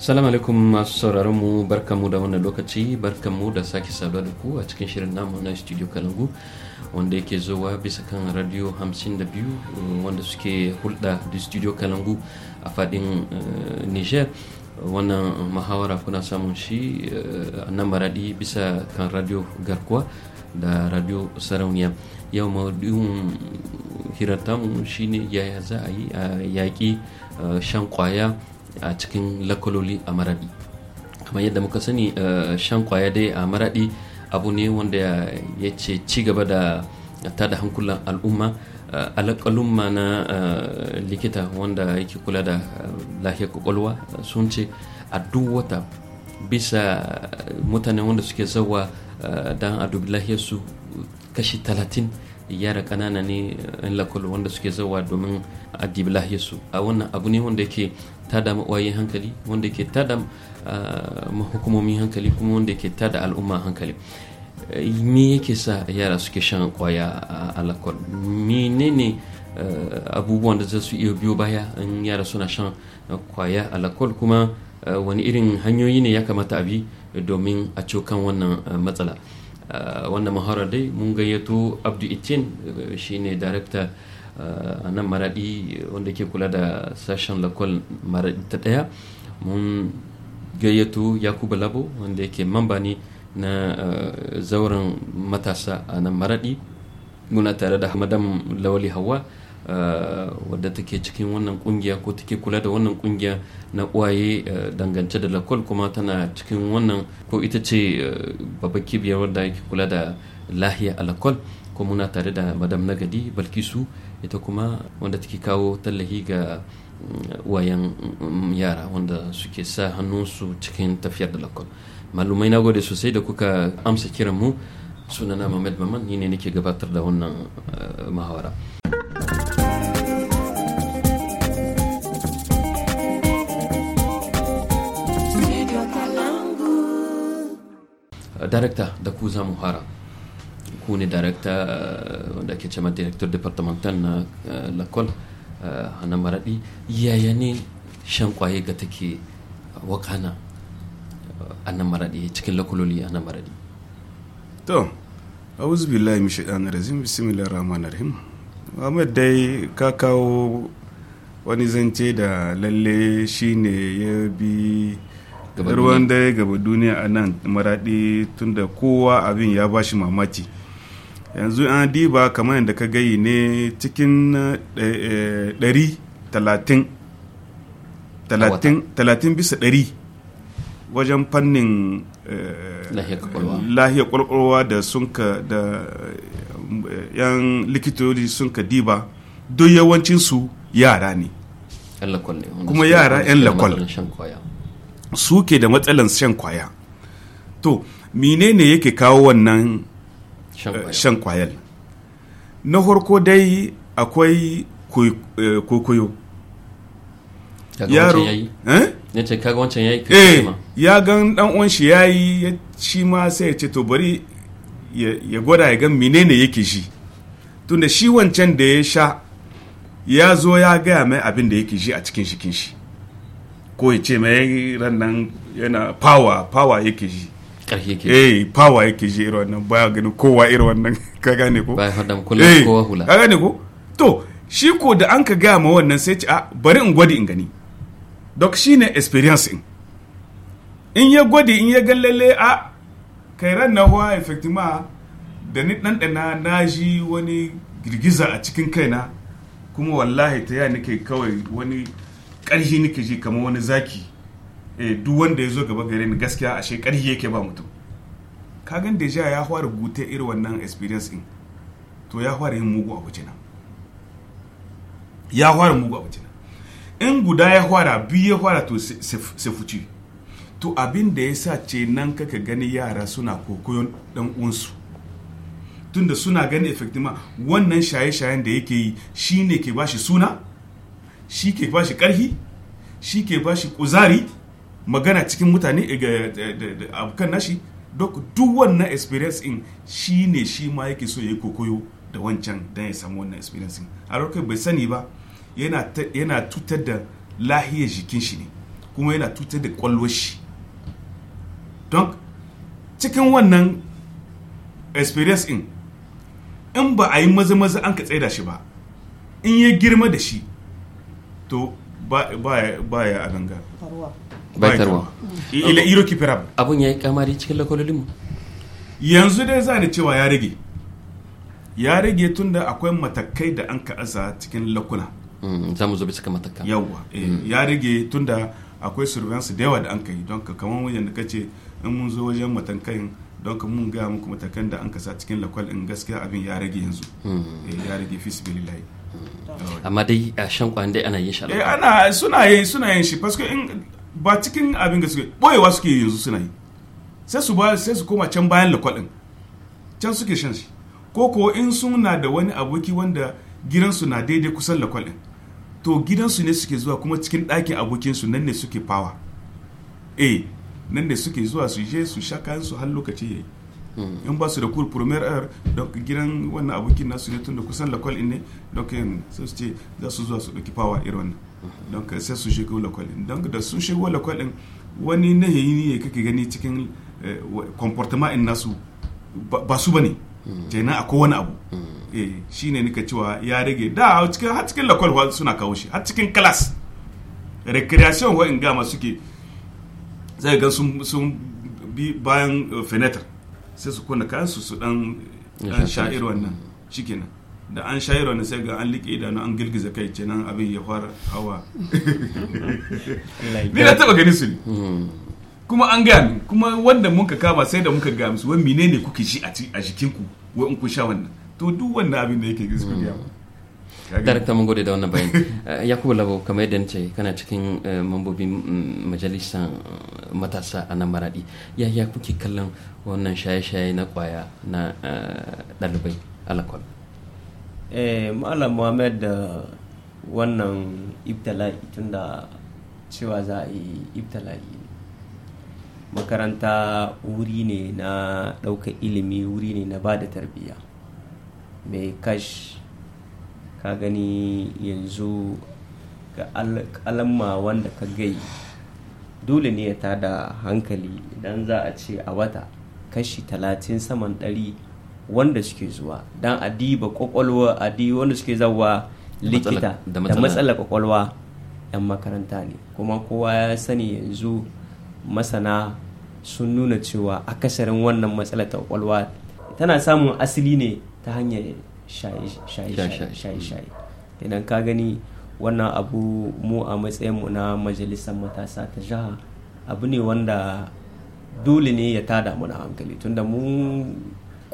Salamu alaikum masu sauraron mu mu da wannan lokaci mu da sake saduwa da ku a cikin shirin namu na studio Kalangu wanda yake zowa bisa kan radio 52 wanda suke hulɗa da studio Kalangu a faɗin eh, Niger wannan muhawara kuna samun shi eh, a nan maraɗi bisa kan radio garkuwa da radio sarauniya yau maudu'in hiratamu shine yaya za a yi a yaƙi eh, shan kwaya a cikin lakololi a maradi kamar yadda muka sani eh, shan kwaya dai a maradi abu ne wanda ya ce ci gaba da tada hankulan al'umma eh, alakalumma na eh, likita wanda yake kula da lahiyar kwakwalwa sun ce a duk wata bisa mutane wanda suke zawa don a dubi lahiyarsu kashi talatin yara kanana ne in lakwalo wanda suke zawa domin a lahiyarsu a wannan abu ne wanda yake tada mawayin hankali wanda ke tada ah, hukumomin hankali kuma wanda ke tada al'umma hankali eh, me yake sa yara suke shan kwaya a menene eh, abubuwan da za su iya biyo baya in yara suna shan kwaya alakol kuma eh, wani irin hanyoyi ne ya kamata a bi domin a cokan wannan matsala ah, wannan maharar dai mun gayyato abdu itin shine darakta a nan maradi wanda ke kula da sashen lakwal maradi ta daya mun gayyato yakubu labo wanda yake mamba ne na eh, zauren matasa a nan maradi muna tare da madam lawali hawa eh, wadda take cikin wannan kungiya ko take kula da wannan kungiya na uwaye eh, dangance da lakol kuma tana cikin wannan ko ita ce babbar kibiyar wadda yake kula da lahiya a lakol ko muna tare da madam nagadi balkisu ita kuma wanda take kawo tallahi ga mm, wayan mm, yara wanda suke sa hannunsu cikin tafiyar da lakon malumai na gode sosai da kuka amsa kiran mu sunana Muhammad Maman ni ne nake gabatar da wannan eh, muhawara. Darakta da ku za mu hara. ku ne darakta eh, wanda ake cewa director departamental na eh, lakol eh, a nan maraɗi yaya ne shan kwaye ga take wakana a nan maraɗi cikin lakuloli a nan maraɗi to auzu billahi mishi ɗan bismillah rahman rahim muhammad dai ka kawo wani zance da lalle shine ya bi ruwan dai gaba duniya a nan maraɗi tunda kowa abin ya bashi mamaki yanzu an diba kamar yadda ka gayi ne cikin 30 eh, eh, talatin bisa 100 wajen fannin eh, lahiyar kwalkwalwa da ka da yan likitoci ka diba don yawancinsu yara ne kuma yara 'yan lakwal su ke da matsalan shan kwaya to menene yake kawo wannan Eh, shan kwayar na farko dai akwai kwaikwayo eh, yaro eh? ya ce kaga wancan yayi ya gan dan uwan shi yayi ci ma sai ya ce to bari ya gwada ya gan menene yake shi tunda shi wancan da ya sha ya zo ya gaya mai abin da yake shi a cikin shikin shi ko ya ce mai ran nan yana power power yake shi ƙarfi yake eh power yake shi irin wannan baya ganin kowa irin wannan ka gane ko baya hadam kullum eh, kowa hula ka gane ko to shi ko da an ka ga ma wannan sai ce a bari in gwadi in gani dok shine experience in in ya gwadi in ya gan a kai ran na huwa effectivement da ni ɗanɗana na ji wani girgiza a cikin kaina kuma wallahi ta ya nake kawai wani ƙarshi nake ji kamar wani zaki Eh, duk wanda ya zo gaba gare ni gaskiya ashe ƙarhi yake ba mutum kagan ja ya fara gute irin wannan experience din to ya fara yin mugu a wajena ya fara mugu a wajena in guda ya fara biyu ya fara to se fuci to abin da ya sa ce nan kaka gani yara suna kokoyon dan uwansu tunda suna gani effectima wannan shaye-shayen da yake yi shine ke bashi suna shi ke bashi karhi shi ke bashi kuzari magana cikin mutane eh, eh, abokan nashi duk wannan experience in shi ne shi ma yake so ya yi kokoyo da wancan don ya samu wannan experience a lokacin bai sani ba yana tutar da lahiyar jikin shi ne kuma yana tutar da kwallon shi don cikin wannan experience in in ba a yi maza-maza an ka tsaida shi ba in ya girma da shi to ba ya a ganga baitarwa ila iro kifirab abun yi kamari cikin lakololin mu yanzu dai za ni cewa ya rage ya rage tunda akwai matakai da an ka'aza cikin lakuna mm, za mu zo bisa kan matakan yawa eh, mm. ya rage tunda akwai surveillance da yawa da an kai don ka kamar wajen da kace in mun zo wajen matakan don ka mun gaya muku matakan da an kasa cikin lakwal in gaskiya abin ya rage yanzu mm. eh, ya rage fisibilillahi amma dai a shan kwan dai ana yin shi eh, ana suna yin suna yin shi paske in ba cikin abin da suke boyewa suke yanzu suna yi sai su sai su koma can bayan lakwal can suke shan shi ko ko in suna da wani aboki wanda gidansu na daidai kusan lakwal to gidansu ne suke zuwa kuma cikin ɗakin abokinsu nan ne suke fawa eh nan ne suke zuwa su je su sha kayan su har lokaci yayi hmm. in ba su da kur premier air eh, don gidan wannan abokin nasu ne tun da kusan lakwal ne don sai su ce za su zuwa su ɗauki fawa irin wannan don ka sai su shigo lakwalin don da sun shigo lakwalin wani nahiyi ne kake gani cikin eh, comportement in nasu ba su bane kenan a wani abu eh shine nika cewa ya rage da cikin har cikin lakwal suna kawo shi har cikin class recreation wa in gama suke zai ga sun sun bi bayan eh, fenetar sai su kunna kayan su su dan sha'ir wannan shikenan da an shayarwa na sai ga an liƙe idanu an girgiza kai nan abin ya fara hawa ni na taɓa gani su ne hmm. kuma an gani kuma wanda muka kama sai da muka gamsu wani mine ne kuke shi a jikinku wai in ku sha wannan to duk wannan abin da yake gizo ya darakta mun gode da wannan bayani eh, yakubu labo kamar yadda nace kana cikin eh, mambobin mm, majalisar eh, matasa a nan maradi ya kuke kallon wannan shaye-shaye na kwaya na ɗalibai alakwal eh malam muhammad da wannan ibtala'i tunda cewa za a yi ibtala'i makaranta wuri ne na ɗaukar ilimi wuri ne na ba da tarbiyya mai kash ka gani yanzu ga alamma wanda ka gai dole ne ya tada hankali idan za a ce a wata kashi talatin saman ɗari wanda suke zuwa dan a diba kwakwalwa a wanda suke zawa likita da matsalar kwakwalwa yan makaranta ne kuma kowa ya sani yanzu masana sun nuna cewa akasarin wannan matsala ta kwakwalwa tana samun asali ne ta hanyar shaye-shaye mm. idan ka gani wannan abu mu a matsayinmu na majalisar matasa ta jiha abu ne wanda dole ne ya tada mana hankali tunda mu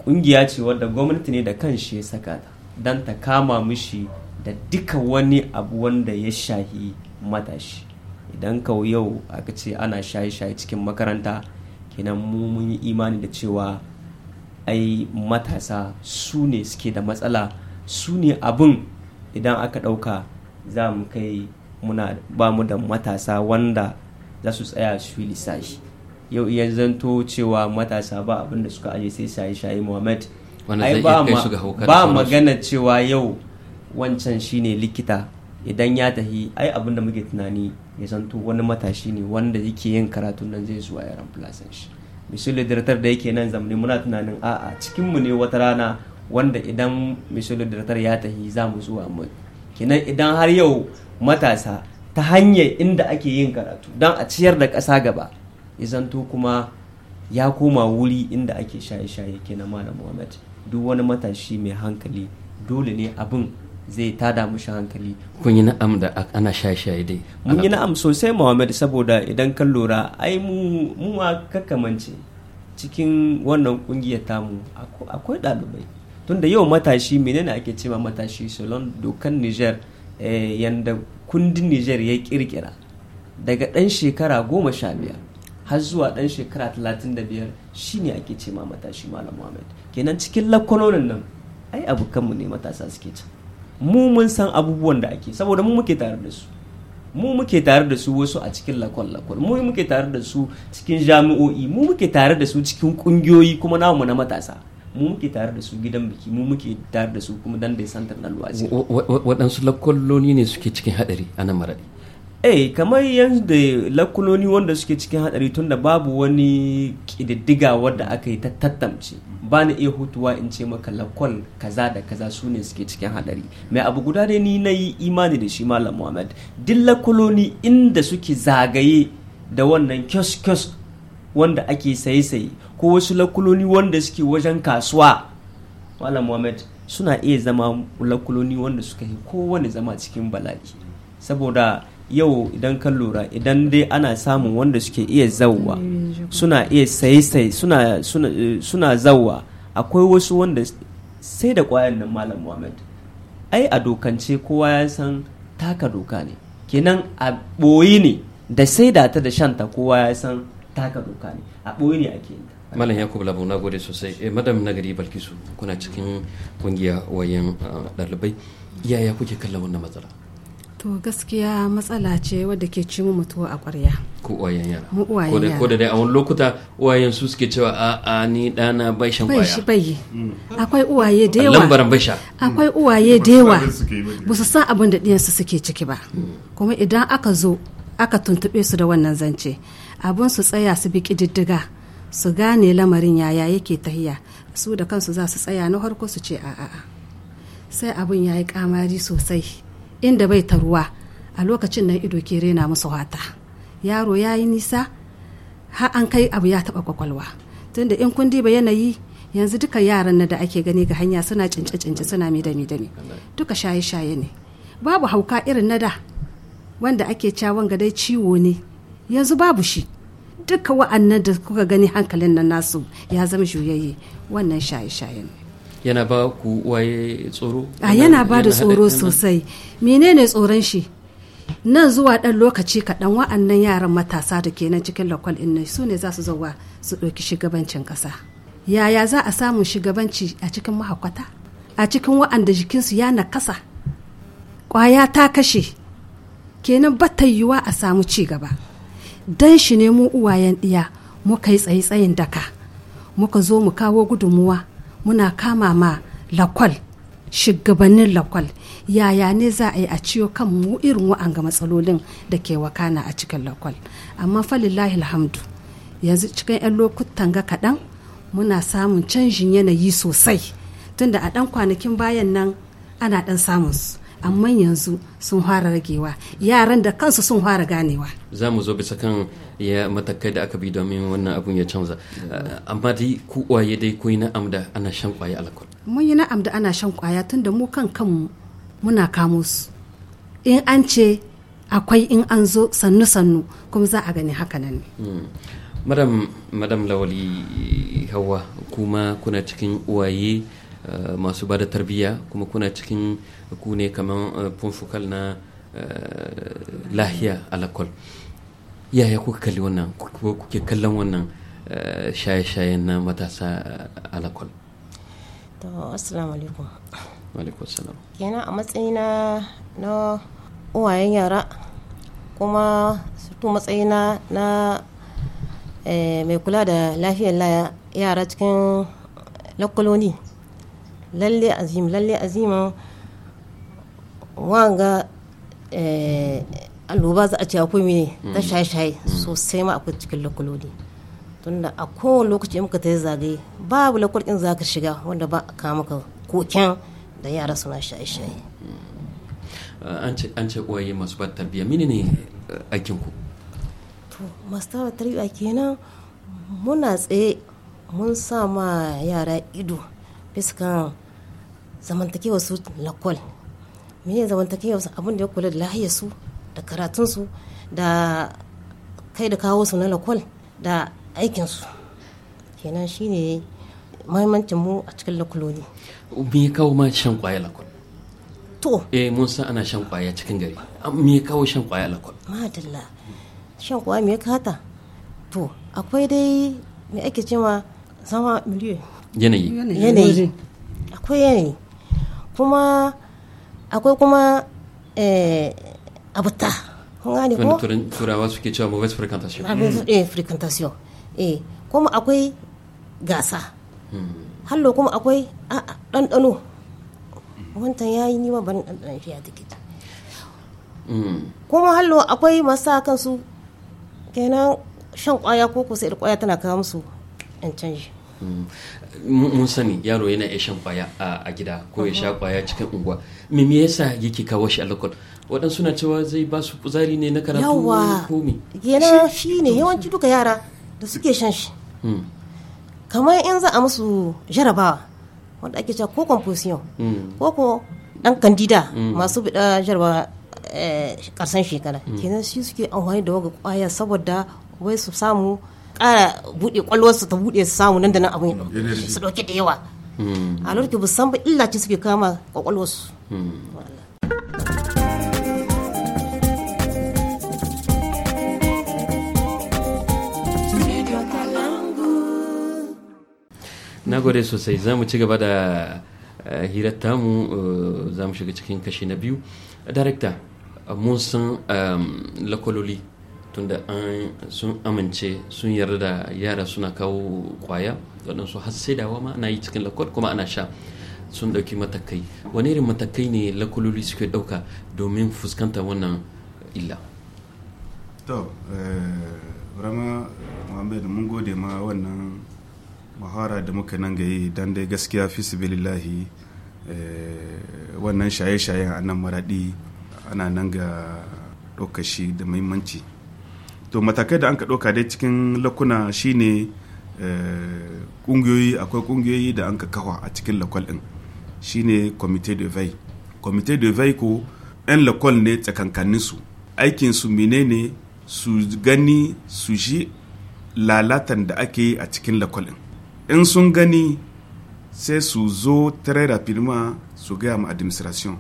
ƙungiya ce wadda gwamnati ne da kan shi ya saka ta don ta kama mishi da duka wani abu wanda ya shahi matashi idan kau yau aka ce ana shaye-shaye cikin makaranta kenan mu mun yi imani da cewa ai matasa su ne suke da matsala su ne abin idan aka ɗauka za mu kai muna ba mu da matasa wanda za su tsaya su yi yau iya zanto cewa matasa ba abin da suka aje sai shaye shayi muhammad ai ba magana cewa yau wancan shine likita idan ya tahi ai abin da muke tunani ya zanto wani matashi ne wanda yake yin karatu nan zai zuwa yaran filasan shi misali diratar da yake nan zamani muna tunanin a'a cikinmu ne wata rana wanda idan misali diratar ya tahi za mu zuwa mu kenan idan har yau matasa ta hanyar inda ake yin karatu don a ciyar da ƙasa gaba izanto kuma ya koma wuri inda ake shaye-shaye kenan malam muhammad duk wani matashi mai hankali dole ne abin zai tada mushi hankali kun yi na'am da ana shaye-shaye dai mun yi na'am sosai muhammad saboda idan kan lura ai mu ma kakamance cikin wannan kungiyar tamu akwai ɗalibai tunda yau matashi menene ake cewa matashi salon dokan niger eh, yanda kundin niger ya kirkira daga ɗan shekara goma sha biyar har zuwa ɗan shekara 35 ne ake ce ma matashi malam muhammad kenan cikin lakwalonin nan ai abokanmu ne matasa suke can mu mun san abubuwan da ake saboda mu muke tare da su mu muke tare da su wasu a cikin lakon lakon mu muke tare da su cikin jami'o'i mu muke tare da su cikin kungiyoyi kuma namu na matasa mu muke tare da su gidan biki mu muke tare da su kuma dan da santar na luwaji waɗansu lakolloni ne suke cikin hadari a nan maraɗi eh kamar yanzu da lakuloni wanda suke cikin hadari da babu wani kididdiga wadda aka yi ta tattamci ba ni iya hutuwa in ce maka lakwal kaza da kaza su ne suke cikin hadari mai abu guda dai ni na yi imani da shi malam muhammad duk lakuloni inda suke zagaye da wannan kyos-kyos wanda ake saye-saye ko wasu lakuloni wanda suke wajen kasuwa malam muhammad suna iya zama lakuloni wanda suka yi kowane zama cikin bala'i saboda yau idan kan lura idan dai ana samun wanda suke iya zauwa eh, suna iya sai-sai suna, suna, suna zauwa akwai wasu wanda sai da kwayan nan malam muhammad ai a dokance kowa ya san taka doka ne kenan a ɓoyi ne da sai da ta da shanta kowa ya san taka doka ne a ɓoyi ne ake yi malam yakubu labu na gode sosai eh, madam nagari balkisu kuna cikin kungiya wayan eh, ɗalibai yaya kuke kallon wannan matsala to gaskiya matsala ce wadda ke ci mu mutuwa a ƙwarya ko uwayen yara mu uwayen yara ko da dai a wani lokuta uwayen su suke cewa a a ni dana bai shan kwaya bai bai akwai uwaye da yawa lambaran basha akwai uwaye da yawa ba su san abin da ɗiyansu suke ciki ba mm. kuma idan aka zo aka tuntuɓe su da wannan zance abin su tsaya su bi ƙididdiga su gane lamarin yaya yake tahiya su da kansu za su tsaya na harko su ce a'a sai abin ya yi kamari sosai inda bai ta ruwa a lokacin nan ido ke rena musu wata yaro ya yi nisa har an kai abu ya taɓa kwakwalwa tunda in kun diba yanayi yanzu duka yaran da ake gani ga hanya suna cince-cince suna mi dami duka shaye-shaye ne babu hauka irin na da wanda ake cawon gadai ciwo ne yanzu babu shi duka wa'annan da kuka gani hankalin nan nasu ya zama juyayye wannan shaye-shaye ne yana ba ku waye tsoro a yana ba da tsoro sosai menene tsoron shi nan zuwa ɗan lokaci kaɗan wa'annan yaran matasa da kenan cikin lokal inna su ne za su zauwa su ɗauki shugabancin ƙasa yaya za a samu shugabanci a cikin mahakwata a cikin wa'anda jikinsu ya nakasa ƙwaya ta kashe kenan bata yiwuwa a samu ci gaba dan shi ne mu uwayen ɗiya muka yi tsaye tsayin daka muka zo mu kawo gudunmuwa muna kama ma lakwal shugabannin lakwal yaya ne za a yi a ciyo kan mu irin wa'anga matsalolin da ke wakana a cikin lakwal amma falillahi alhamdu yanzu cikin 'yan lokutan ga kaɗan muna samun canjin yanayi sosai tunda a ɗan kwanakin bayan nan ana ɗan samun su amma yanzu sun fara ragewa yaran da kansu sun fara ganewa za mu zo bisa kan ya matakai da aka bi domin wannan abun ya canza eh, amma dai ku waye dai ku yi na'am da ana shan kwaya alkol mun yi na'am da ana shan kwaya tun da mu kan kanmu muna kamo su in an ce akwai in an zo sannu sannu kuma za a gani haka nan hmm. madam madam lawali hawa kuma kuna cikin uwaye eh, masu ba da tarbiyya kuma kuna cikin ku ne kamar eh, point focal na eh, lahiya alakol yaya kuka kalli wannan kuke kallon wannan eh, shaye-shayen na matasa alakol to assalamu alaikum alaikum salam kenan a matsayina na uwayen yara kuma surtu matsayina na mai kula da lafiyar yara cikin lakwaloni lalle azim lalle azimin wanga eh, alluba za a ce akwai mene ta mm. shaye-shaye mm. sosai ma akwai cikin lakulodi tunda a kowane lokaci muka ta zagaye babu lokacin za ka shiga wanda ba a kama ka koken da yara suna shaye-shaye mm. an ce koyi masu ba tarbiyya mini ne eh, aikin ku to masu tara tarbiyya kenan muna tsaye mun sa ma yara ido fiskan zamantakewa su lakwal. me ya yau su abin da ya kula da lahiyar su da karatun su da kai da kawo su na lakwal da aikin su kenan shine mahimmancin mu a cikin lakuloli me ya kawo ma shan kwaya lakwal to eh mun san ana shan kwaya cikin gari ah, me ya kawo shan kwaya lakwal madalla shan kwaya me ya kata to akwai dai me ake cewa zama miliyoyi. yanayi yanayi akwai yanayi kuma akwai kuma eh, abuta Kuma ko turawa suke cewa mauvaise frequentation hmm. eh frequentation eh kuma akwai gasa hmm. hallo kuma akwai ɗanɗano wantan ya yi nima ban ɗanɗano fiye da tikiti hmm. kuma hallo akwai masu sa kansu kenan shan kwaya ko kusa da tana kawo musu yan canji mun sani yaro yana ya shan kwaya a gida ko ya sha kwaya cikin unguwa me me yasa yake kawo shi alkol waɗansu na cewa zai ba su kuzari ne na karatu ko me yana shi ne yawanci duka yara da suke shan shi hmm. kamar in za a musu jarabawa wanda ake cewa ko composition hmm. ko ko dan kandida hmm. masu bida jarabawa karsan eh, shekara kenan shi suke amfani da waga kwaya saboda wai su samu kara buɗe kwalwarsu ta buɗe su samu nan da nan abin su dauke da yawa a lokacin ba san ba illa ce suke kama kwakwalwarsu na gode sosai za mu ci gaba da eh, hirar tamu eh, za mu shiga cikin kashi na biyu darakta mun san eh, lakwaloli tunda an sun amince sun yarda da yara suna kawo kwaya waɗansu har sai dawa ma ana yi cikin lakwal kuma ana sha sun ɗauki matakai wani irin matakai ne lakuloli suke ɗauka domin fuskanta wannan illa to eh, rama muhammed mun gode ma wannan mahara da muka nan gayi dan dai gaskiya fi sibilillahi eh, wannan shaye-shayen a nan maraɗi ana nan ga ɗaukashi da muhimmanci to matakai da an ka ɗauka dai cikin lakuna shine eh, ƙungiyoyi akwai ƙungiyoyi da an ka kawa a cikin lakwal ɗin shine comité de vai comité de vai ko 'yan lakwal ne tsakankaninsu aikinsu menene su gani su shi lalatan da ake yi a cikin lakwal ɗin in sun gani sai su zo tare rapidement su gaya ma administration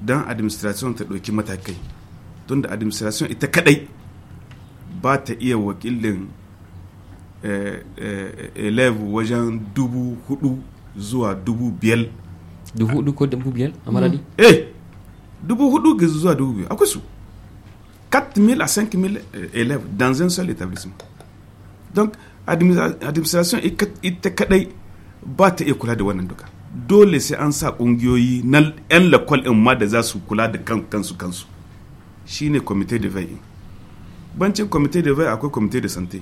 don administration ta ɗauki matakai tunda administration ita kadai ba ta wakilin eh, eh, eh, elev wajen dubu hudu zuwa dubu biyar dubu hudu ko dubu a maradi mm. eh dubu hudu zuwa 4000 à 5000 élèves dans un seul établissement donc administration ita kadai ba ta iya da wannan duka dole sai an sa kungiyoyi na 'yan lakwal in ma da za su kula da shine comité de veille bancin kwamitin da bai akwai kwamitin da sante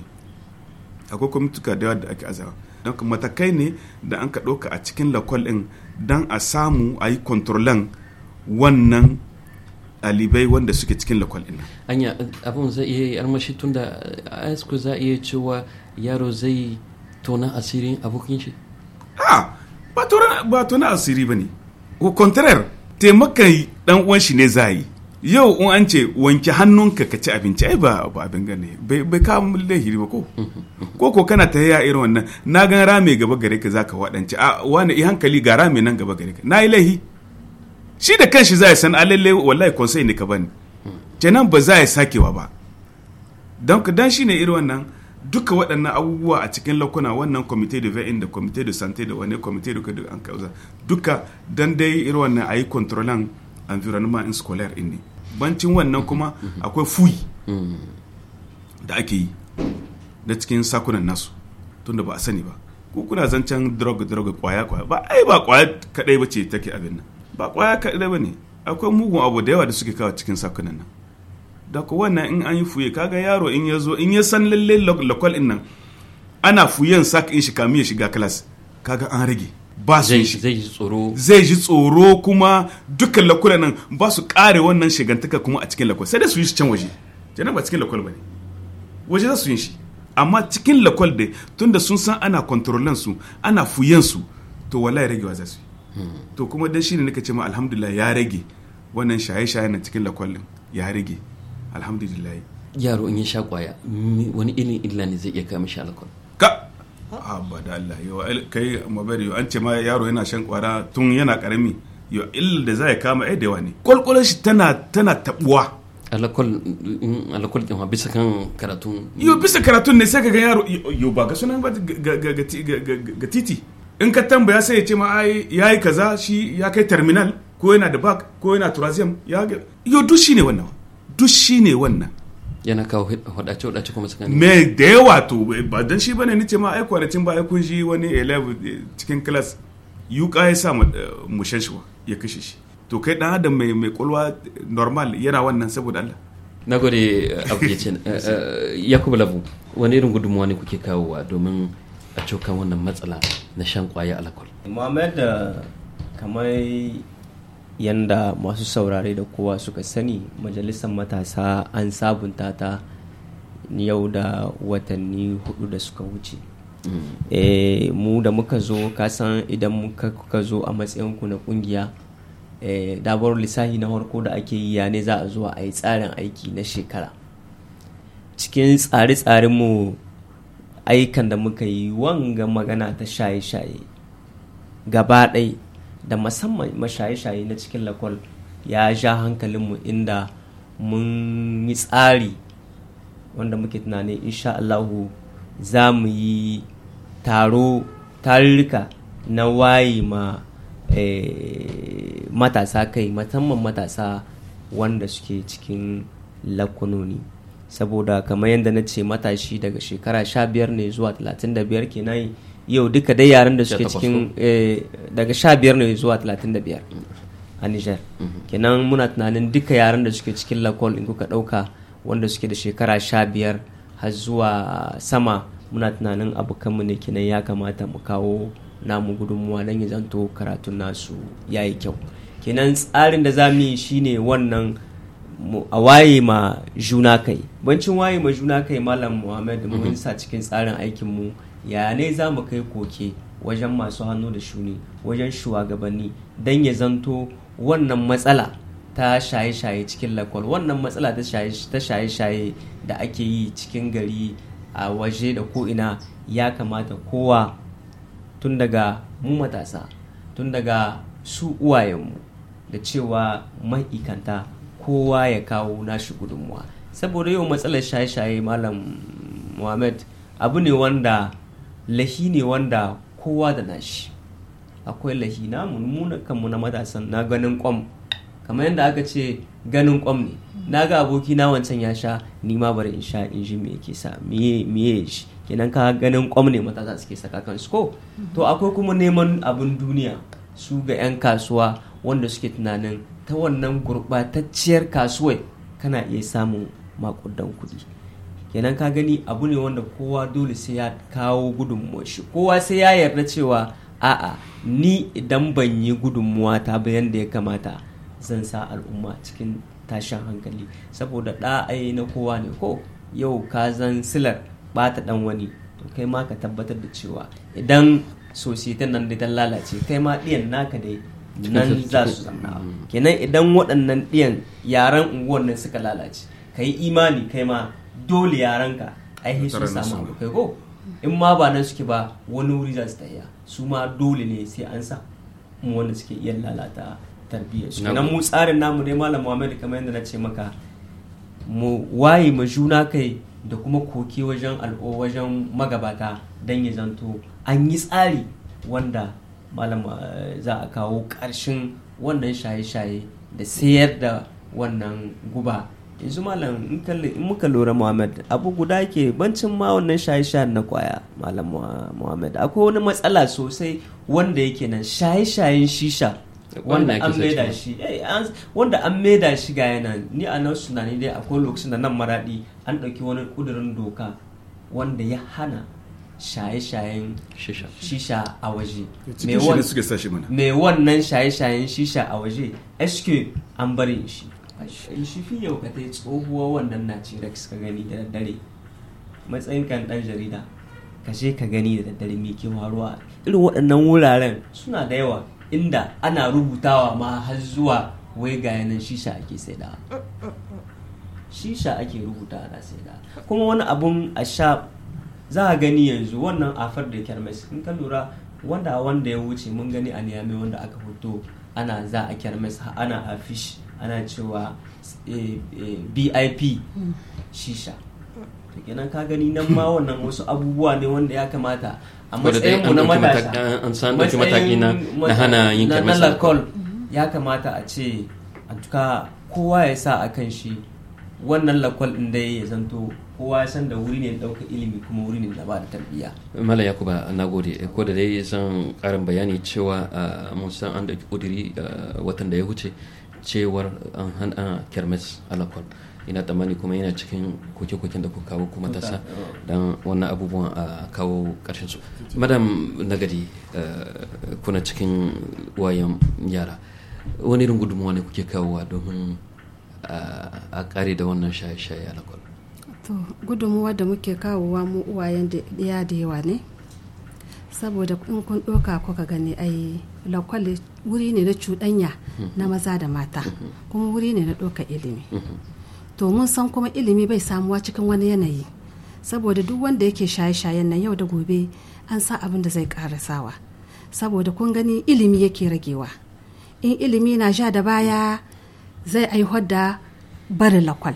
akwai kwamituka da yawa da ake azawa don matakai ne da an ka ɗauka a cikin lakwal ɗin don a samu a yi kontrolan wannan ɗalibai wanda suke cikin lakwal ɗin anya abin zai iya yi armashi tun da eh, a za a iya cewa yaro zai tona asirin abokin shi ha ba tona asiri ba ne au contraire taimakon dan uwan shi ne za yi yau in an ce wanke hannunka ka ci abinci ai ba abin gane bai ka lahiri ba ko ko ko kana ta yaya irin wannan na gan rame gaba gare ka zaka waɗance a wani hankali ga rame nan gaba gare ka na yi lahi shi da kanshi za ya san alalle wallahi sai ne ka bani kenan ba za ya sakewa ba don ka dan shi ne irin wannan duka waɗannan abubuwa a cikin lakuna wannan kwamite da vein da kwamite da sante da wani kwamite da an kauza duka dan dai irin wannan a yi controlan environnement scolaire ne bancin wannan kuma akwai fuyi mm-hmm. da ake yi na cikin sakunan nasu tunda ba a sani ba ko kuna zancen drug drug kwaya kwaya ba ai ba kwaya kadai bace take abin nan ba kwaya kadai bane akwai mugun abu da yawa da suke kawo cikin sakunan nan da ko wannan in an yi fuye kaga yaro in ya in ya san lalle lokal in nan ana fuyen sak in shi kamin ya shiga class kaga an rage ba su zai ji tsoro zai ji tsoro kuma dukkan lakwal nan ba su kare wannan shigantaka kuma a cikin lakwal sai dai su yi shi can waje jana ba cikin lakwal ba ne waje za su yi shi amma cikin lakwal da tunda sun san ana kontrolan su ana fuyen su to wallahi ragewa za su yi hmm. to kuma dan shine nake ce ma alhamdulillah ya rage wannan shaye-shaye na cikin lakwal ya rage alhamdulillah yaro in ya sha kwaya wani irin illa ne zai iya kai mishi alkol ka abba da Allah yau kai mabari an ce ma yaro yana shan kwara tun yana karami yau illa da zai kama ai da yawa ne kwalkwalar shi tana tana tabuwa alakul din mm, bisa kan karatun yau bisa karatun ne sai ka ga yaro yau ba ga sunan ba ga titi in ka tambaya sai ya ce ma ai yayi kaza shi ya kai terminal ko yana da bak ko yana turazium ya yau dushi ne wannan dushi ne wannan yana kawo hudace hudace kuma tsakanin me da yawa to ba dan shi bane nace ma ai kwaracin ba ai kun shi wani 11 eh, cikin class ka ya sa mu eh, shi ya kashe shi to kai dan adam mai mai kulwa eh, normal yana wannan saboda Allah na gode abdicin yakubu labu wani irin gudunmuwa ne kuke kawowa domin a cokan wannan matsala na shan kwaya alkohol muhammad kamar yanda masu saurare da kowa suka sani majalisar matasa an sabunta ta yau da watanni hudu da suka wuce mm. eh, mu da muka zo kasan idan muka zo a matsayinku na kungiya eh, dabar lissahi na harko da ake yi ya ne za a zo a yi tsarin aiki na shekara cikin tsare mu aikan da muka yi wanga magana ta shaye-shaye gaba ɗaya da musamman mashaye-shaye na cikin lakol ya ja hankalinmu inda mun yi tsari wanda muke tunanin insha Allahu za mu yi taro tarurruka na waye ma eh, matasa kai musamman matasa wanda suke cikin lakunoni saboda kamar yadda na ce matashi daga shekara 15 ne zuwa 35 kenan yau duka dai yaran da suke cikin eh, daga sha biyar ne zuwa talatin da biyar a niger mhm. kenan muna tunanin duka yaran da suke cikin lakol in kuka ɗauka wanda suke da shekara sha biyar har zuwa sama muna tunanin abokanmu ne kenan ya kamata mu kawo namu gudunmuwa don ya zanto karatun nasu ya yi kyau kenan tsarin da za mu yi shine wannan a waye ma juna kai bancin waye ma juna kai malam muhammad mun mhm. sa cikin tsarin aikin mu. ya ne za mu kai koke wajen masu hannu da shuni wajen shugabanni don ya zanto wannan matsala ta shaye-shaye cikin lakwal wannan matsala ta shaye-shaye da ake yi cikin gari a waje da ko'ina ya kamata kowa tun daga mu matasa tun daga su uwayenmu da cewa ma'aikanta kowa ya kawo nashi gudunmuwa saboda yau matsalar shaye-shaye malam muhammad abu ne wanda lahi ne wanda kowa da nashi akwai lahi na mummuna kanmu na matasan na ganin kwam kamar yadda aka ce ganin kwam ne na ga aboki na wancan ya sha ni ma bari in sha in ji me yake sa miye miye shi kenan ka ganin kwam ne matasa suke saka kansu ko to akwai kuma neman abin duniya su ga 'yan kasuwa wanda suke tunanin ta wannan gurbatacciyar kasuwai kana iya samun makudan kuɗi kenan ka gani abu ne wanda kowa dole sai ya kawo gudunmuwa shi kowa sai ya yarda cewa a'a ni idan ban yi gudunmuwa ta bayan da ya kamata zan sa al'umma cikin tashin hankali saboda ɗa'ayi na kowa ne ko yau ka zan silar bata dan wani to kai ma ka tabbatar da cewa idan sosietin nan da ta lalace kai ma ɗiyan naka dai nan za su zama mm. kenan idan waɗannan ɗiyan yaran unguwan nan suka lalace ka yi imani kai ma dole yaranka yi sun samu abokai ko in ma ba nan suke ba wani wuri za su tafiya su ma dole ne sai an sa mu wanda suke iya lalata tarbiyyar su nan mu tsarin namu dai malam Muhammad kamar yadda na ce maka mu waye ma juna kai da kuma koke wajen al'o wajen magabata dan ya zanto an yi tsari wanda malam eh, za a kawo ƙarshen wannan shaye-shaye da sayar da wannan guba yanzu malam in kalli in muka lura muhammad abu guda ke bancin ma wannan shaye-shayen na kwaya malam muhammad akwai wani matsala sosai wanda yake nan shaye-shayen shisha wanda an maida shi eh, wanda an maida shi ga yana ni a nan tunani dai akwai lokacin da nan maradi an ɗauki wani kudurin doka wanda ya hana shaye-shayen shisha a waje me wannan shaye-shayen shisha a waje eske an bari shi shifi yau ka tai tsohuwa wannan na ce da ka gani da daddare matsayin kan dan jarida ka je ka gani da daddare mai ke faruwa irin waɗannan wuraren suna da yawa inda ana rubutawa ma har zuwa wai ga yanan shisha ake saida shisha ake rubuta ana saida kuma wani abun a sha za a gani yanzu wannan afar da kermes in ka lura wanda wanda ya wuce mun gani a niyame wanda aka hoto ana za a kermes ana afish ana cewa eh, eh, bip hmm. shisha da kenan ka gani nan ma wannan wasu abubuwa ne wanda ya kamata a matsayinmu na matasa matsayin na hana yin lakol hmm. ya kamata a ce a tuka kowa ya sa a kan shi wannan lakwal ɗin da ya zanto kowa ya san da wuri ne ɗauka ilimi kuma wuri ne da ba da tarbiyya. Mala ba na gode eh, ko da dai zan karin bayani cewa ah, mun san an ɗauki ƙudiri ah, watan da ya wuce cewar an hana kermes alakwal ina tsammani kuma yana cikin koke-koken da kuka kawo kuma tasa don wannan abubuwan a kawo ƙarshen su madam nagari eh, kuna cikin wayan yara wani irin gudunmuwa ne kuke kawowa domin eh, a ƙare da wannan shaye-shaye alakwal to gudunmuwa da muke kawowa mu uwayen da ya da yawa ne saboda in kun ɗoka kuka gani ai lakwal wuri ne na cuɗanya mhm. na maza da mata mhm. kuma wuri ne na ɗaukar ilimi mhm. to mun san kuma ilimi bai samuwa cikin wani yanayi saboda duk wanda yake shaye-shayen nan yau da gobe an sa abin da zai karasawa saboda kun gani ilimi yake ragewa in ilimi na sha da baya zai aihwar da bari lakwal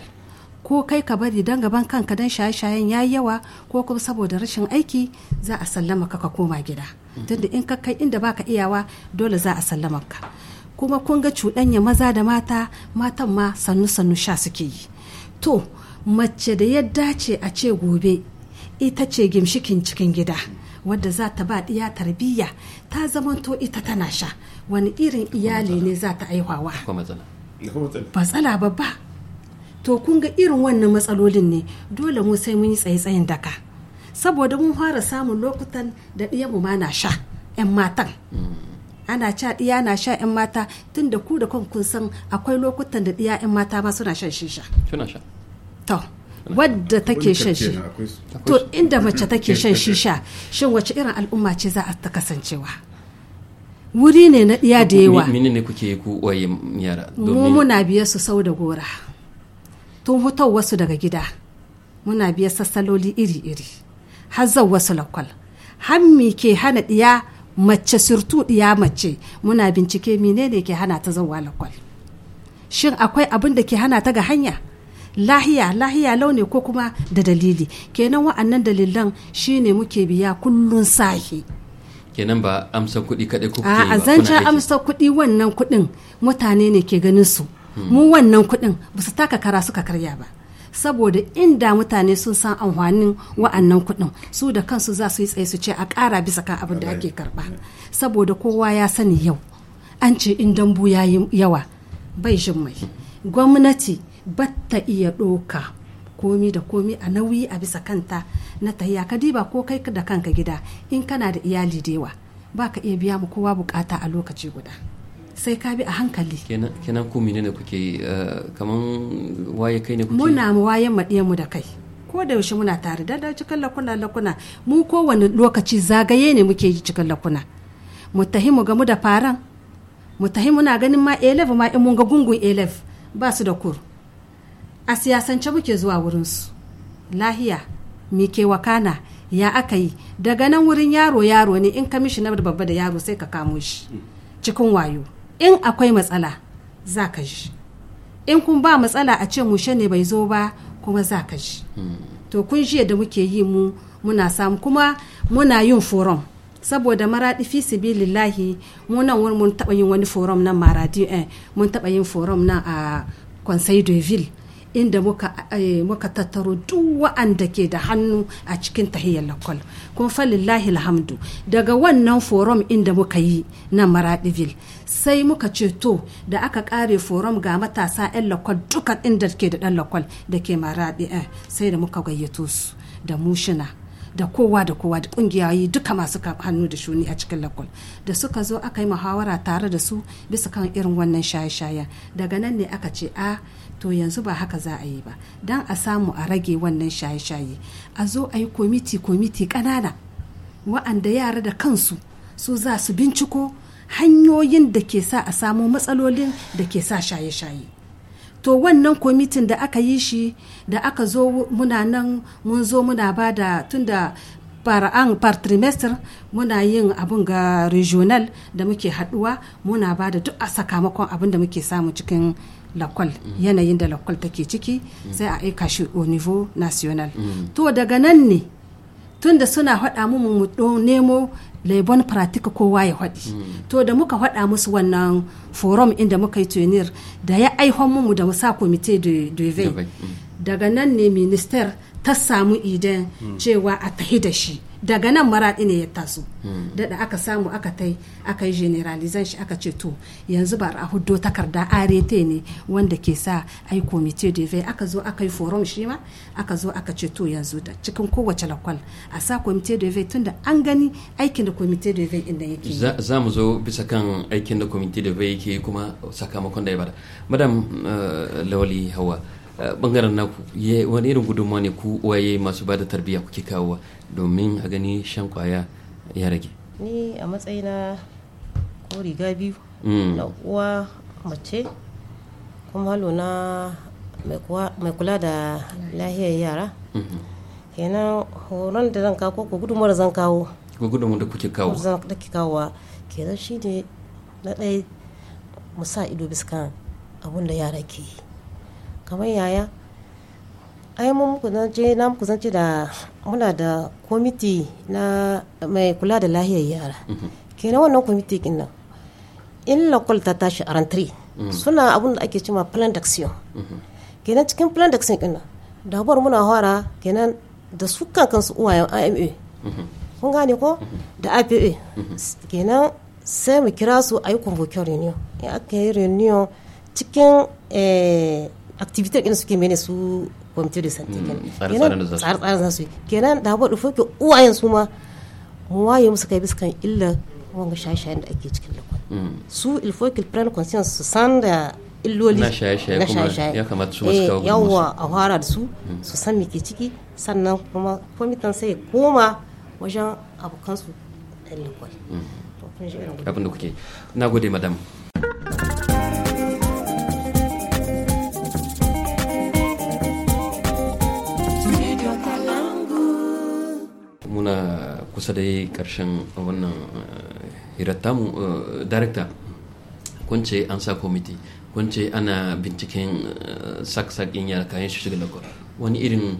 ko kai ka bari don gaban kanka don shaye-shayen ya yi yawa ko kuma saboda rashin aiki za a sallama ka ka koma gida tunda in ka kai inda baka iyawa dole za a sallama ka kuma kun ga cuɗanya maza da mata matan ma sannu-sannu sha suke yi to mace da ya dace a ce gobe ita ce gimshikin cikin gida wadda za ta ba ɗiya tarbiyya ta zamanto ita tana sha wani irin iyali ne za ta ba matsala babba to kun ga irin wannan matsalolin ne dole mu sai mun yi tsaye-tsayen daka saboda mun fara samun lokutan da ɗiyanmu ma na sha 'yan matan ana cha ɗiya na sha 'yan mata tun da ku da kun kun san akwai lokutan da ɗiya 'yan mata ma suna shan shisha to wadda take shan shi to inda mace take shan shisha shin wace irin al'umma ce za a ta kasancewa wuri ne na ɗiya da yawa mini ne kuke ku waye yara mu muna biye su sau da gora tun hutar wasu daga gida muna biya sassaloli iri-iri har zan wasu lakwal har mi ke hana ɗiya mace surtu ɗiya mace muna bincike menene ke hana ta zauwa lakwal shin akwai abin da ke hana ta ga hanya lahiya lahiya launi ko kuma da dalili kenan wa'annan dalilan shine muke biya kullun sahi kenan ba amsa kuɗi kaɗai ko a zancen amsa kuɗi wannan kuɗin mutane ne ke ganin su mu wannan kuɗin ba su taka kara suka karya ba saboda inda mutane sun san amfanin wa'annan kuɗin su da kansu za su yi tsaye su ce a ƙara bisa kan abin da ake karɓa saboda kowa ya sani yau an ce in dambu ya yi yawa bai jin mai gwamnati ba ta iya ɗoka komi da komi a nauyi a bisa kanta na tahiya ka diba ko kai da kanka gida in kana da iyali da yawa ba ka iya biya mu kowa bukata a lokaci guda sai ka bi a hankali kenan ku ne kuke eh, kaman waye kai ne kuke muna mu waye mu mu da kai ko da yaushe muna tare da da cikin lakuna lakuna mu kowane lokaci zagaye ne muke yi cikin lakuna mu tahi mu mu da faran mu tahi muna ganin ma elef ma in mun ga gungun elef ba su da kur a siyasance muke zuwa wurin su lahiya mi ke wakana ya aka yi daga nan wurin yaro yaro ne in ka mishi babba da yaro sai ka kamo shi hmm. cikin wayo in akwai matsala za ka ji in kun ba matsala a ce mushe ne bai zo ba kuma za ka ji hmm. to kun jiya da muke yi mu muna samu kuma muna yin forum saboda maradi fi sibilillahi mu nan wani mun taba yin wani forum nan maradi eh mun taba yin forum nan a conseil de ville inda muka eh, muka tattaro duk wa'anda ke da hannu a cikin tahiyyar lakol kun falillahi alhamdu daga wannan forum inda muka yi nan maradi ville sai muka ce to da aka kare forum ga matasa 'yan lakwal duka inda ke da ɗan lakwal da ke marabi eh, sai da muka gayyato su da mushina da kowa da kowa da kungiyoyi duka masu hannu da shuni a cikin lakwal. da suka zo aka yi muhawara tare da su bisa kan irin wannan shaye shaye daga nan ne aka ce a ah, to yanzu ba haka za a yi ba don a samu a rage wannan shaye-shaye a zo a yi komiti komiti ƙanana wa'anda yara da kansu su za su binciko hanyoyin da ke sa a samo matsalolin da ke sa shaye-shaye to wannan kwamitin da aka yi shi da aka zo muna nan mun zo muna ba da tunda par an par trimester muna yin abin ga regional da muke haduwa muna ba da duk a sakamakon abin da muke samu cikin lakwal mm. yanayin da lakwal take ciki mm. sai a aika shi au niveau national mm. to daga nan ne tunda suna haɗa mu mu nemo laibon pratika kowa ya haɗi mm. to da muka haɗa musu wannan forum inda muka yi tunir da ya aihon mu da musa komite de mm. daga nan ne minister ta samu idan mm. cewa a tahi da shi daga nan maraɗi ne ya taso hmm. daɗa aka samu aka tai aka yi generalizan shi aka ce to yanzu ba a huddo takarda arete ne wanda ke sa ai komite de vey aka zo aka yi forum shi ma aka zo aka ce to yanzu da cikin kowace lakwal a sa komite de tun tunda an gani aikin da komite de vey inda yake za mu zo bisa kan aikin da komite de vey yake kuma sakamakon da ya bada madam eh, lawali hawa bangaren eh, naku wani irin gudunmawa ne ku waye masu bada tarbiyya kuke kawowa domin a gani shan kwaya ya rage ni a matsayina ko riga biyu mm. na uwa mace kuma halo na mai kula da lahiyar yara mm-hmm. kenan horon da zan kawo ko gudunmuwar zan kawo gudunmuwar da kuke kawo da ke kawowa kenan shi ne na ɗaya mu sa ido biskan abinda abun da yara ke yi kamar yaya ai mun kuzance na kuzance da muna da kwamiti na mai kula da lahiyar yara kenan wannan kwamiti kin nan in lakol ta tashi a rantri suna abun da ake cewa plan d'action kenan cikin plan d'action kin nan bar muna hora kenan da su kansu uwayen IMA kun gane ko da APA kenan sai mu kira su a yi convocation reunion Ya aka yi reunion cikin eh, activity ɗin suke mene su kwamitin da santi kenan tsare-tsaren za su yi kenan da haɓar ɗufo ke uwayen su ma mu waye musu kai biskan illa wanga shaye-shayen da ake cikin lakon mm. su ilfokil ke conscience su san da illoli na shaye-shaye kuma ya kamata su masu kawo eh, yawwa a fara da su mm. su san me ke ciki sannan kuma kwamitin sai koma wajen abokansu ɗan lakon mm. abin da kuke na gode madam muna kusa da yi karshen uh, wannan uh, hirattamu uh, director kun ce an sa kwamiti kun ce ana binciken sak-sak in yara kayan shi shiga wani irin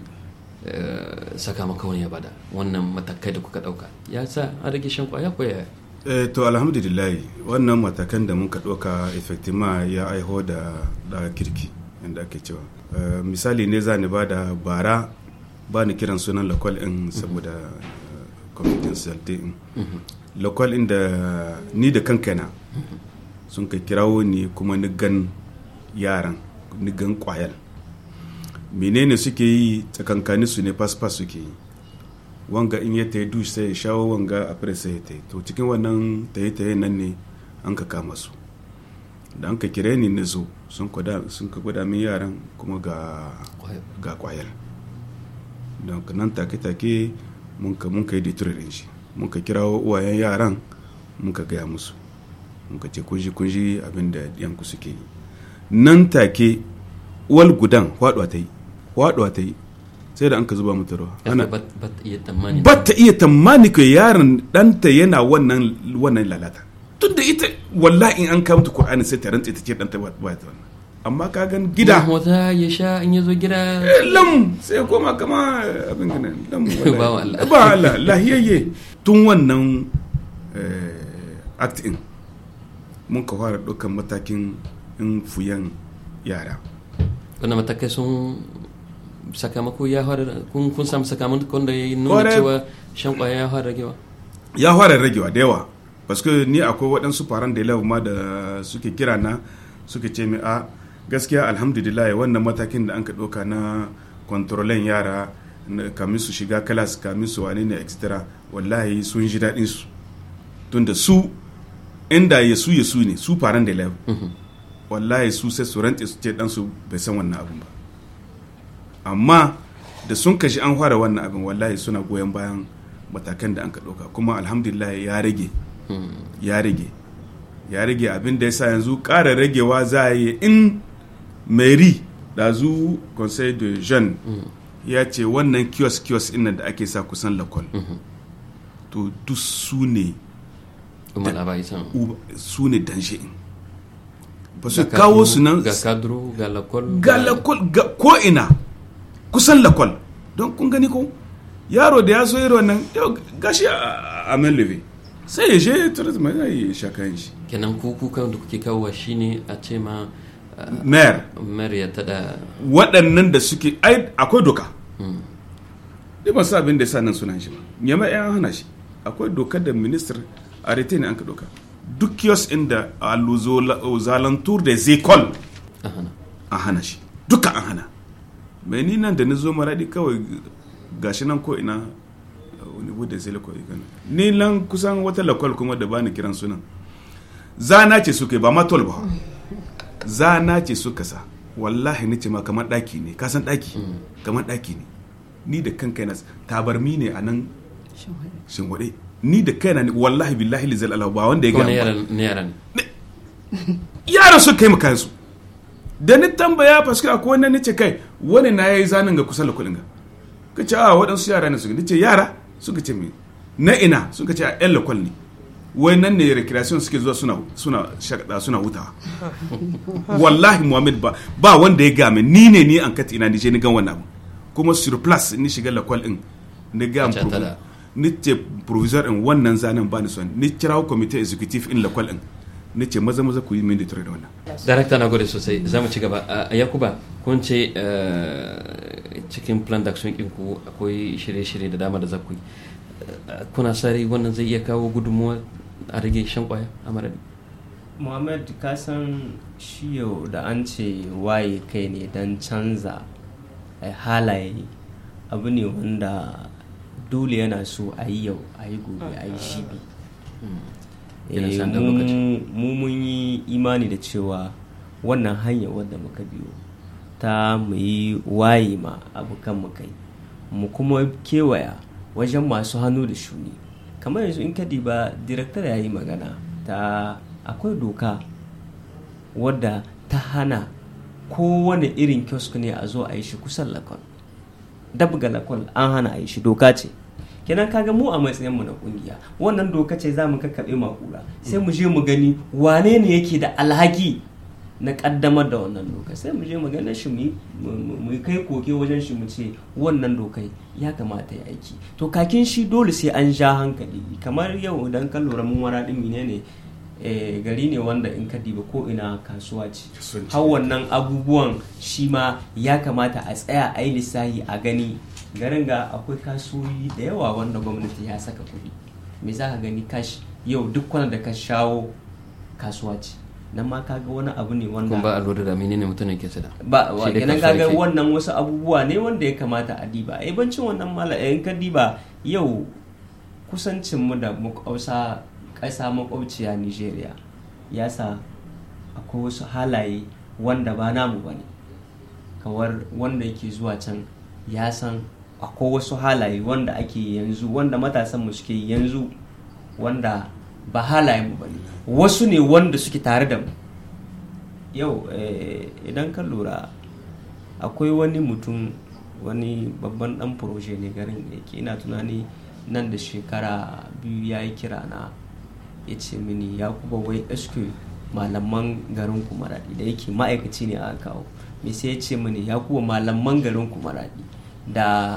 sakamakon ya bada wannan matakai da kuka dauka ya sa an rage shan kwaya ko ya eh, to alhamdulillah wannan matakan da muka ɗauka effectima ya aiho da kirki inda ake cewa misali ne za ni bada bara ba ni kiran sunan lokal in saboda uh, confidential in ɗin in da ni da kankana sun ka kirawo ni kuma ni gan yaran ni gan kwayal menene suke yi tsakankani su ne fasfas suke yi wanga in ya ta yi dush sai ya shawo wanga a sai ya ta to cikin wannan ta yi ta nan ne an ka kama su da an ka kire ni na zo sun ka gwada min yaran kuma ga kwayar don nan take-take mun ka mun kai deturin shi mun ka kirawo uwayen yaran mun ka gaya musu mun ka ce kunji kunji abin da yanku suke yi nan take wal gudan kwaɗuwa ta yi kwaɗuwa ta yi sai da an ka zuba mata ruwa ana ba ta iya tamani ko yaran ɗanta yana wannan wannan lalata tunda ita wallahi in an kawo ta Qur'ani sai ta rantsa ta ce ɗanta ba ta wannan amma ka gan gida mota ya sha in yazo gida lam sai koma kama abin gina lam ba Allah lahiyayye tun wannan eh, act in mun ka fara dukkan matakin in fuyan yara wannan matakai sun sakamako ya fara kun kun samu sakamakon da ya nuna cewa shan kwaya ya fara ragewa ya fara ragewa da yawa parce ni akwai waɗansu faran da ma da suke kira na suke ce mi a ah, gaskiya alhamdulillah wannan matakin da an ka ɗauka na kwantarolin yara kamin su shiga kalas kamin su wane ne extra wallahi sun ji daɗin su tunda su inda ya su ya su ne su faran da lai wallahi su sai su rantse su ce dan su bai san wannan abin ba amma da sun kashi an fara wannan abin wallahi suna goyon bayan matakan da an ka ɗauka kuma alhamdulillah ya rage mhm. ya rage ya rage abin da ya sa yanzu ƙara ragewa za a yi in mary zu conseil de jeune ya ce wannan kiosk kiosk inna da ake sa kusan lakol to duk su ne su ne danshe ba su kawo su nan ga kadro ga lakol ga ko ina kusan lakol don kun gani ko yaro da ya so yaro nan gashi a melive sai ya je ya turizma ya yi shakayin shi kenan kukan da kuke kawo ne a ce ma mayor mayor ya tada waɗannan da suke ai akwai doka ɗin ba su abin da sa nan sunan shi ba yamma yan hana shi akwai doka da minister a retain an ka doka duk kiosk inda a zalantur da zai zekol a hana shi duka an hana mai ni nan da ni zo maraɗi kawai gashi nan ko ina wani bude sai lakwai gana ni nan kusan wata lakwal kuma da bani kiran sunan zana ce suke ba matol ba zana ce suka sa wallahi ni ce ma kamar daki ne ka san daki mm. kamar daki ne ni da kanka yana tabarmi ne a nan shingwade ni da kaina ne wallahi billahi li zal ba wanda ya ga ne yaran yaran su kai maka su da ni tambaya fasika ko wannan ni ce kai wani na yayi zanin ga kusa da kuɗin ga kace a ah, waɗansu yara ne su ce yara suka ce me na ina suka ce a ah, yan lakwal ne wai nan ne recreation suke zuwa suna suna shakada suna wuta wallahi muhammad ba ba wanda ya game ni ne ni an kati ina ni je ni gan wannan abu kuma surplus ni shiga lakwal din ni ga ni ce provisor din wannan zanen ba ni son ni kira committee executive in lakwal din ni ce maza maza ku yi min da wannan. Darakta na gode sosai za mu ci gaba. Yakuba kun ce eh, cikin plan d'action ku akwai shirye-shirye da dama da za ku yi. Eh, kuna sari wannan zai iya kawo gudunmuwa a rage shan kwaya a maradi muhammad ka san shiyo da an ce waye kai ne don canza eh, halaye abu ne wanda dole yana so a yi yau a yi gobe a yi shibi hmm. eh, mu mun yi imani da cewa wannan hanya wadda muka biyo ta mu yi waye ma abokan mu kai mu kuma kewaya wajen masu hannu da shuni kamar yanzu in kadi ba direktar ya yi magana ta akwai doka wadda ta hana kowane irin kiosk ne a zo a yi shi kusan lakon dab ga lakon an hana a yi shi doka ce kenan kaga mu a matsayin mu na kungiya wannan doka ce za mu kakkaɓe makura sai mu je mu gani wane ne yake da alhaki na kaddamar da wannan doka sai mu je mu gane shi mu kai koke wajen shi mu ce wannan dokai ya kamata ya aiki to kakin shi dole sai an ja hankali kamar yau idan ka lura mun wara din ne ne eh, gari ne wanda in ka diba ko ina kasuwa ce har wannan abubuwan shi ma ya kamata a tsaya a yi lissahi a gani garin ga akwai kasuwoyi da yawa wanda gwamnati ya saka kuɗi me za ka gani kashi? yau duk wanda ka shawo kasuwa ce nan ma kaga wani abu ne wanda kun ba a lura da menene mutum ke sada ba wa kenan kaga wannan wasu abubuwa ne wanda ya kamata a diba eh bancin wannan mala eh, in ka diba yau kusancin mu da makausa ƙasa makwabciya Nigeria ya sa akwai wasu halaye wanda ba namu bane kawar wanda yake zuwa can ya san akwai wasu halaye wanda ake yanzu wanda matasan mu suke yanzu wanda ba halaye mu bane wasu ne wanda suke tare da mu yau eh, idan ka lura akwai wani mutum wani babban dan proje ne garin yake ina tunani nan da shekara biyu ya yi kira na ya ce mini ya kuma wai eske malaman garin kumaradi da yake ma'aikaci ne a kawo me sai ya ce mini ya kuma malaman garin kumaradi da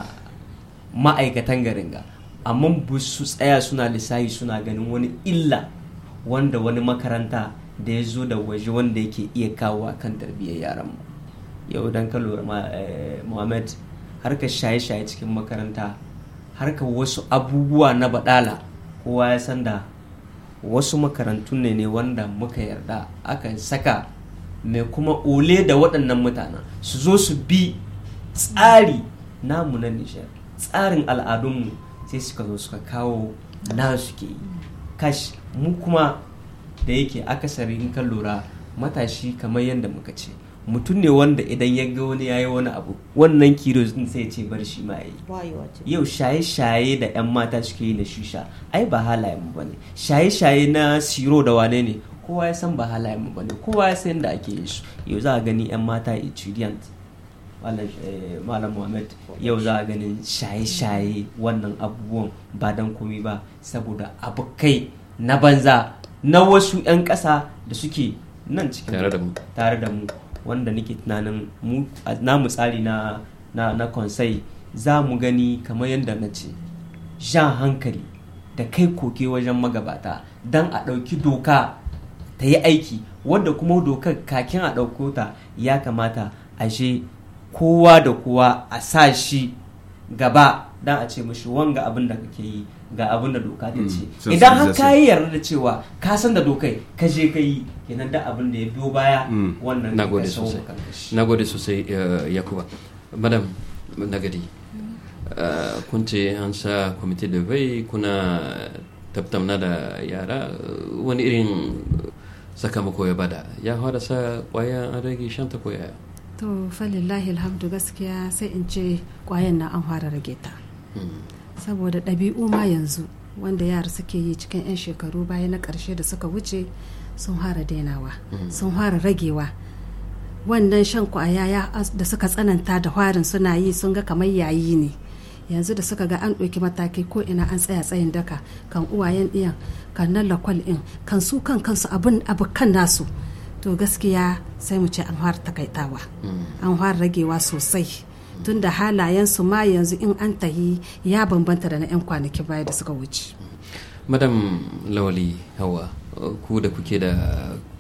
ma'aikatan garin ga amma ba su tsaya suna lissahi suna ganin wani illa wanda wani makaranta da ya zo da waje wanda yake iya kawo kan tarbiyyar yaran mu yau dan ka lura ma eh, Muhammad shaye-shaye cikin makaranta ka wasu abubuwa na badala kowa ya san da wasu makarantun ne ne wanda muka yarda aka saka mai kuma ole da waɗannan mutanen su zo su bi tsari namu na nishar tsarin al'adunmu sai suka zo suka kawo suke yi. Kashi, mu kuma da yake akasari in kan lura matashi kamar yadda muka ce mutum ne wanda idan ya ga wani yayi wani abu wannan kiro din sai ce bar shi ma yi. yau shaye-shaye da yan mata suke yi na shisha ai ba halayen mu bane shaye-shaye na siro da wane ne kowa ya san ba halayen mu bane kowa ya san da ake yin shi yau za a gani yan mata etudiant malam eh, muhammad yau za a ganin shaye-shaye wannan abubuwan ba don komi ba saboda abokai na banza na wasu 'yan ƙasa da suke nan cikin tare da mu wanda nake tunanin namu tsari na na konsai za mu gani kamar yadda na ce jan hankali da kai koke wajen magabata don a ɗauki doka ta yi aiki wadda kuma dokar kakin a ɗauko ta ya kamata a kowa da kowa a sa shi gaba don a ce mashi wanga abin da kake yi ga abin da doka ta hmm, ce idan har ka yi yarda da cewa ka san da dokai ka je ka yi kenan da abin da ya biyo baya hmm, wannan nagode sosai nagode sosai eh, yakuba madam nagadi eh, kun ce an sa kwamiti da bai kuna tabtamna da yara wani irin sakamako ya bada ya fara sa kwaya an rage shanta koya to falillahi alhamdu gaskiya sai in ce kwayan na an fara rage ta hmm. saboda ɗabi'u ma yanzu wanda yara suke yi cikin 'yan shekaru baya na ƙarshe da suka wuce sun fara dainawa hmm. sun fara ragewa wannan shan kwaya da suka tsananta da harin suna yi sun ga kamar yayi ne yanzu da suka ga an ɗauki mataki ko ina an tsaya tsayin daka kan uwayen ɗiyan kan nan lakwal ɗin kan su kan kansu abin abu kan nasu to gaskiya sai mu ce an fara takaitawa an fara ragewa sosai tun da halayensu ma yanzu in an tahi ya bambanta da na 'yan kwanaki baya da suka wuce madam lawali hawa ku da kuke da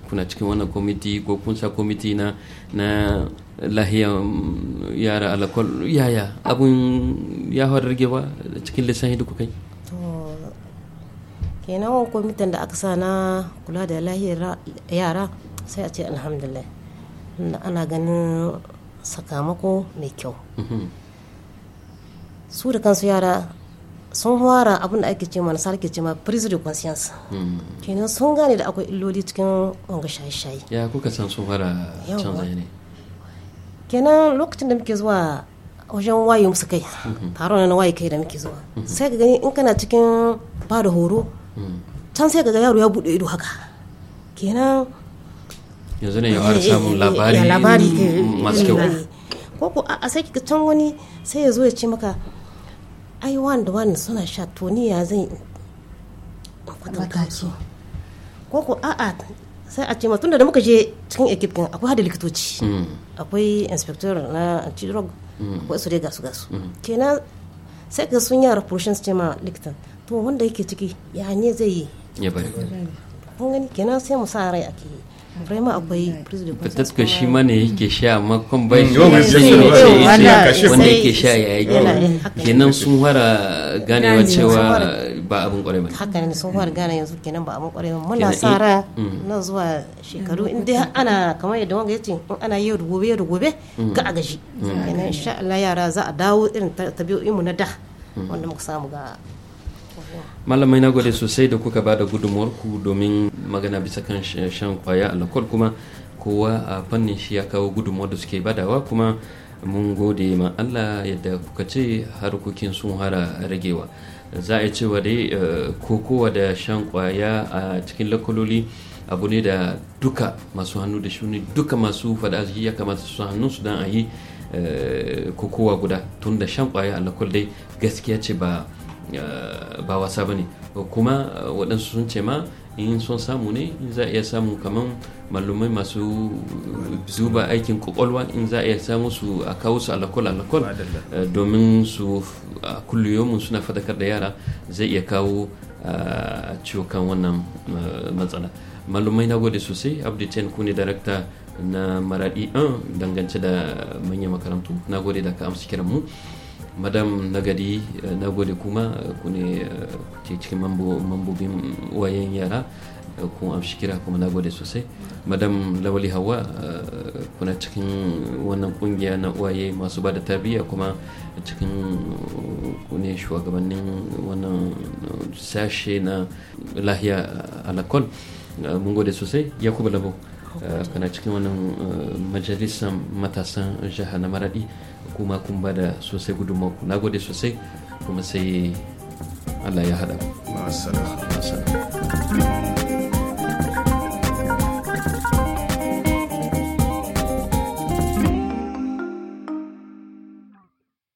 kuna cikin wannan kwamiti ko kun sa kwamiti na na lahiya yara alakol yaya abun ya hawar ragewa cikin lissahi da kuka yi kenan kwamitin da aka sa na kula da lahiyar yara sai a ce alhamdulillah ana ganin sakamako mai kyau mhm. su da kansu yara sun fara abin da ake ce mana sarki ce ma prise de conscience mhm. kenan sun gane da akwai illoli cikin wanga shaye-shaye ya kuka san sun fara canza ne kenan lokacin da muke zuwa wajen waye musu kai mhm. taron na waye kai da muke zuwa sai ka gani in kana cikin ba da horo can sai ka ga yaro ya bude ido haka kenan yanzu ne eh, ya fara eh, samun eh, labari masu kyau ko ko a sai kika can wani sai ya zo ya ce maka ai wani da wani suna sha to ni ya zan kwatanta su ko ko a'a sai a ce ma tunda da muka je cikin ekip din akwai hada likitoci hmm. akwai inspector na anti-drug hmm. akwai su dai gasu gasu hmm. kenan sai ka sun yara portions ce ma likitan to wanda yake ciki ya ne zai yi ya bari kun gani kenan sai mu sa rai ake yi vraiment akwai peut-être que shi ma ne yake sha amma kun bai mm, shi wanda yake sha ya yi kenan sun fara ganewa cewa ba abin kwarai bane haka ne sun fara mm. gane yanzu kenan ba abin kwarai bane muna sa eh, ra mm. zuwa shekaru in dai ana kamar yadda wanga yace in ana yau da gobe yau da gobe ga a gashi kenan insha Allah yara za a dawo irin tabi'o'in mu na da wanda muka samu ga malamai na gode sosai da kuka ba da ku domin magana bisa kan shan kwaya alkol kuma kowa a fannin shi ya kawo gudunmuwar da suke badawa kuma mun gode ma allah yadda kuka ce harkokin sun hara ragewa za a cewa dai eh, kokowa da shan kwaya a cikin lakololi abu ne da duka masu hannu da shuni duka masu fada ya kamata su hannunsu don a yi eh, kokowa guda tun da shan kwaya a lakol dai gaskiya ce ba ba wasa ba ne kuma eh, waɗansu sun ce ma in sun samu ne in za a iya samu kamar malumai masu zuba eh, aikin kwakwalwa in za a iya samu su a kawo su alakol alakol eh, domin su a kulliyomin suna fadakar da yara zai iya kawo ciwokan wannan matsala malumai na gode sosai abdulten ku ne darakta na maradi 1 dangance da manyan makarantu na gode da ka amsa kiran mu madam nagadi eh, na gode kuma eh, ku ne eh, ke cikin mambobin wayan yara ku amshi kira kuma na gode sosai madam lawali hawa kuna cikin wannan kungiya na uwaye masu ba da tarbiyya kuma cikin ne shugabannin wannan sashe na lahiya alakol mun gode sosai yakubu labo kana cikin wannan majalisar matasan jihar na maradi kuma kun bada sosai gudunmaku na gode sosai kuma sai allah ya haɗa. Masana. Masana.